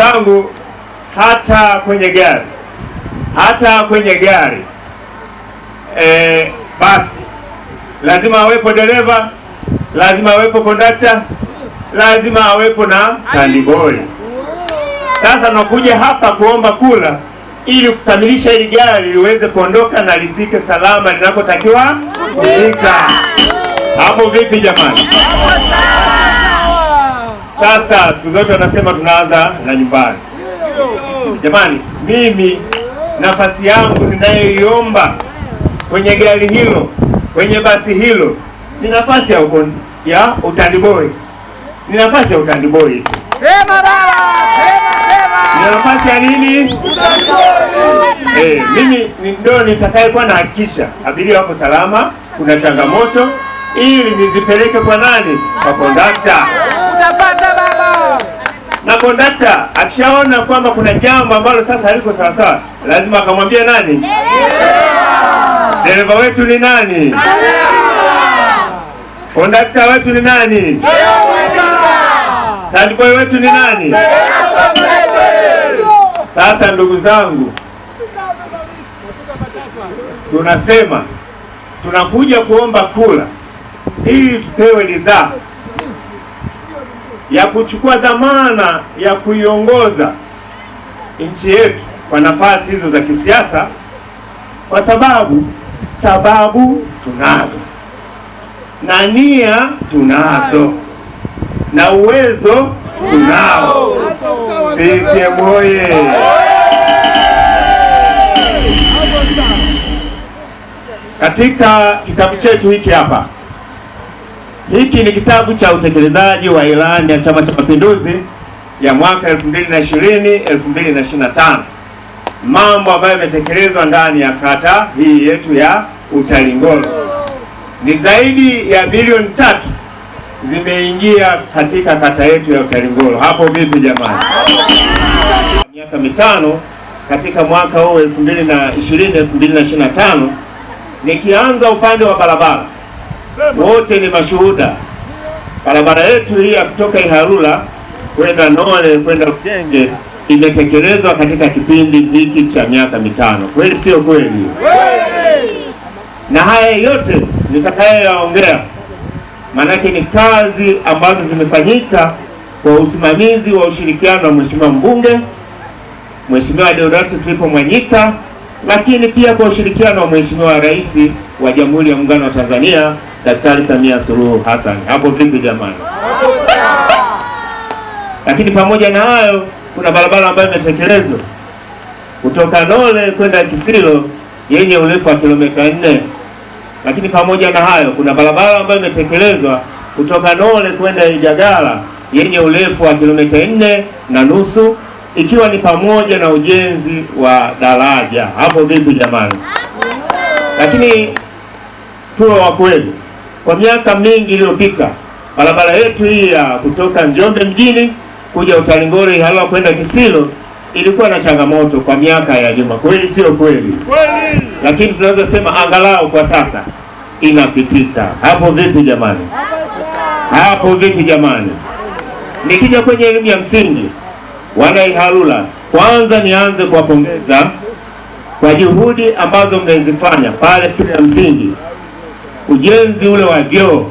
zangu, hata kwenye gari hata kwenye gari e, basi lazima awepo dereva, lazima awepo kondakta, lazima awepo na tandiboi. Sasa nakuja hapa kuomba kula ili kukamilisha hili gari liweze kuondoka na lifike salama linakotakiwa kufika. Hapo vipi jamani? Sasa siku zote wanasema tunaanza na nyumbani. Jamani, mimi nafasi yangu ninayoiomba kwenye gari hilo, kwenye basi hilo ni nafasi ya uko ya utandiboi, ni nafasi ya utandiboi. Sema baba, sema sema, ni nafasi ya nini? Eh, mimi ndio nitakayekuwa nahakikisha abiria wako salama, kuna changamoto, ili nizipeleke kwa nani? Kwa kondakta na kondakta akishaona kwamba kuna jambo ambalo sasa haliko sawasawa, lazima akamwambia nani? Dereva wetu ni nani? Kondakta wetu ni nani? Tadiboi wetu ni nani? Sasa ndugu zangu, tunasema tunakuja kuomba kula ili tupewe ridhaa ya kuchukua dhamana ya kuiongoza nchi yetu kwa nafasi hizo za kisiasa, kwa sababu sababu tunazo na nia tunazo na uwezo tunao. CCM oye! Katika kitabu chetu hiki hapa hiki ni kitabu cha utekelezaji wa ilani ya Chama cha Mapinduzi ya mwaka 2020 2025, mambo ambayo yametekelezwa ndani ya kata hii yetu ya Utalingolo ni zaidi ya bilioni tatu zimeingia katika kata yetu ya Utalingolo. Hapo vipi jamani? miaka mitano katika mwaka huu 2020 2025, nikianza upande wa barabara wote ni mashuhuda. Barabara yetu hii ya kutoka Ihalula kwenda Nole kwenda Rugenge imetekelezwa katika kipindi hiki cha miaka mitano. Kweli sio kweli? Na haya yote nitakayoyaongea, maanake ni kazi ambazo zimefanyika kwa usimamizi wa ushirikiano wa mheshimiwa mbunge, Mheshimiwa Deodatus Filipo Mwanyika, lakini pia kwa ushirikiano wa Mheshimiwa Rais wa Jamhuri ya Muungano wa Tanzania Daktari Samia Suluhu Hassan. Hapo vipi jamani? Lakini pamoja na hayo, kuna barabara ambayo imetekelezwa kutoka Nole kwenda Kisilo yenye urefu wa kilomita nne. Lakini pamoja na hayo, kuna barabara ambayo imetekelezwa kutoka Nole kwenda Ijagala yenye urefu wa kilomita nne na nusu ikiwa ni pamoja na ujenzi wa daraja. Hapo vipi jamani? Lakini tuwe wa kweli. Kwa miaka mingi iliyopita, barabara yetu hii ya kutoka Njombe mjini kuja Utalingolo Ihalala kwenda Kisilo ilikuwa na changamoto kwa miaka ya nyuma, kweli sio kweli? Kweli, lakini tunaweza sema angalau kwa sasa inapitika. Hapo vipi jamani? Hapo vipi jamani? Nikija kwenye elimu ya msingi, wana Ihalula, kwanza nianze kuwapongeza kwa juhudi ambazo mmezifanya pale shule ya msingi ujenzi ule wa vyoo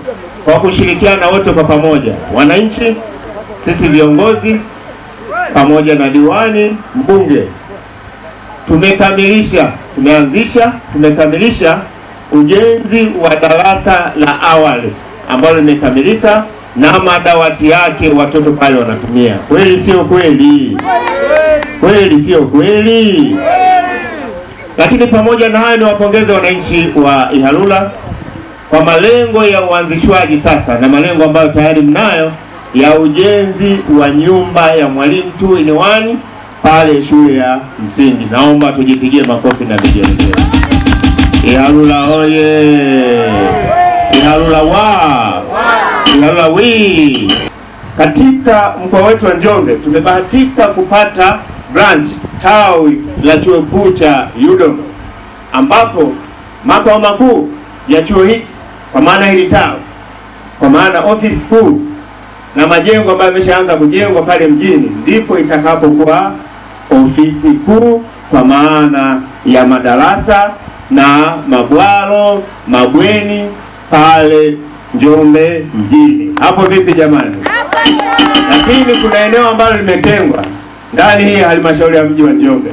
kwa kushirikiana wote kwa pamoja, wananchi, sisi viongozi pamoja na diwani, mbunge, tumekamilisha tumeanzisha tumekamilisha ujenzi wa darasa la awali ambalo limekamilika na madawati yake watoto pale wanatumia. Kweli sio kweli? Kweli sio kweli? Lakini pamoja na hayo, niwapongeze wananchi wa Ihalula kwa malengo ya uanzishwaji sasa na malengo ambayo tayari mnayo ya ujenzi wa nyumba ya mwalimu tuiniwani pale shule ya msingi, naomba tujipigie makofi na vigelegele. Ihalula oye! Ihalula wa! Ihalula wi! Katika mkoa wetu wa Njombe tumebahatika kupata branch tawi la chuo kikuu cha UDOM ambapo makao makuu ya chuo hiki kwa maana hili tawi, kwa maana ofisi kuu na majengo ambayo yameshaanza kujengwa pale mjini, ndipo itakapokuwa ofisi kuu kwa maana ya madarasa na mabwalo, mabweni pale Njombe mjini. Hapo vipi jamani? Lakini kuna eneo ambalo limetengwa ndani hii halmashauri ya mji wa Njombe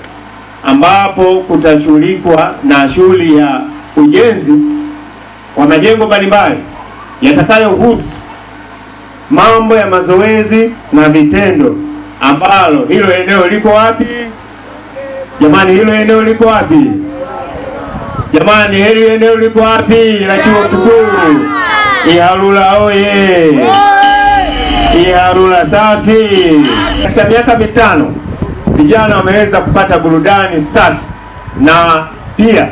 ambapo kutashughulikwa na shughuli ya ujenzi wa majengo mbalimbali yatakayohusu mambo ya mazoezi na vitendo, ambalo hilo eneo liko wapi jamani? Hilo eneo liko wapi jamani? Hilo eneo liko wapi? La chuo kikuu Ihalula oye! Ihalula safi! Katika miaka mitano vijana wameweza kupata burudani safi na pia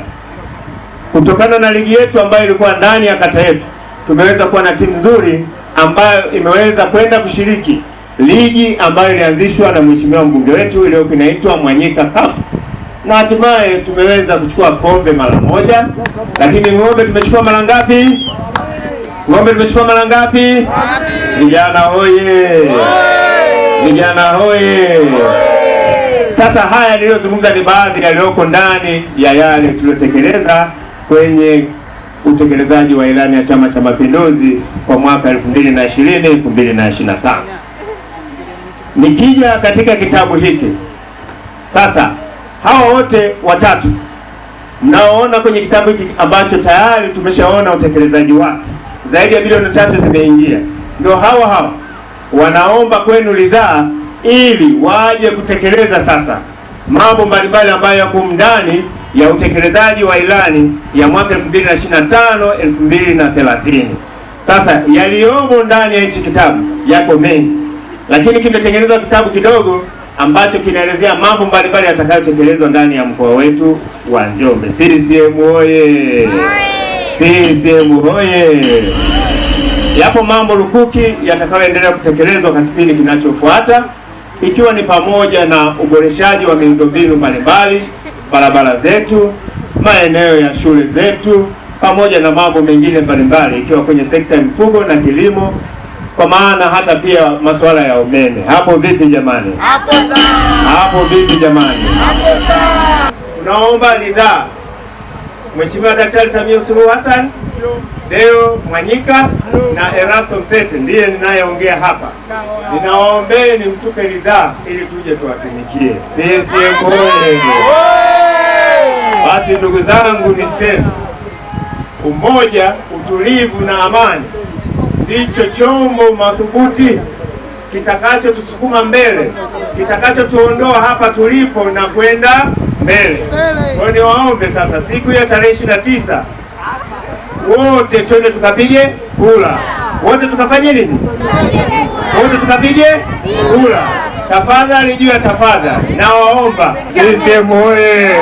Kutokana na ligi yetu ambayo ilikuwa ndani ya kata yetu, tumeweza kuwa na timu nzuri ambayo imeweza kwenda kushiriki ligi ambayo ilianzishwa na mheshimiwa mbunge wetu iliyokuwa inaitwa Mwanyika Cup na hatimaye tumeweza kuchukua kombe mara moja. Lakini ng'ombe tumechukua mara ngapi? Ng'ombe tumechukua mara ngapi? Vijana hoye! Vijana hoye! Sasa haya niliyozungumza ni baadhi yaliyoko ndani ya yale tuliyotekeleza kwenye utekelezaji wa ilani ya Chama cha Mapinduzi kwa mwaka 2020 2025. Nikija katika kitabu hiki sasa, hawa wote watatu mnaoona kwenye kitabu hiki ambacho tayari tumeshaona utekelezaji wake, zaidi ya bilioni tatu zimeingia, ndio hawa hawa wanaomba kwenu ridhaa ili waje kutekeleza sasa mambo mbalimbali ambayo yako ndani ya utekelezaji wa ilani ya mwaka 2025 2030. Sasa yaliyomo ndani ya hichi kitabu yako mengi, lakini kimetengenezwa kitabu kidogo ambacho kinaelezea mambo mbalimbali yatakayotekelezwa ndani ya mkoa wetu wa Njombe. CCM oye! CCM oye! Yapo mambo lukuki yatakayoendelea kutekelezwa kwa kipindi kinachofuata, ikiwa ni pamoja na uboreshaji wa miundombinu mbalimbali barabara zetu, maeneo ya shule zetu, pamoja na mambo mengine mbalimbali, ikiwa kwenye sekta ya mifugo na kilimo, kwa maana hata pia masuala ya umeme. Hapo vipi jamani? Hapo sawa. Hapo vipi jamani? Hapo sawa. Tunaomba ridhaa Mheshimiwa Daktari Samia Suluhu Hassan Deo Mwanyika na Erasto Mpete ndiye ninayeongea hapa. Ninawaombee ni mtupe ridhaa ili tuje tuwatumikie CCM Basi ndugu zangu, niseme umoja, utulivu na amani ndicho chombo madhubuti kitakachotusukuma mbele, kitakachotuondoa hapa tulipo na kwenda mbele. Kwa niwaombe sasa, siku ya tarehe ishirini na tisa wote twende tukapige kura, wote tukafanye nini? Wote tukapige kura tafadhali, juu ya tafadhali. Nawaomba sisi oye!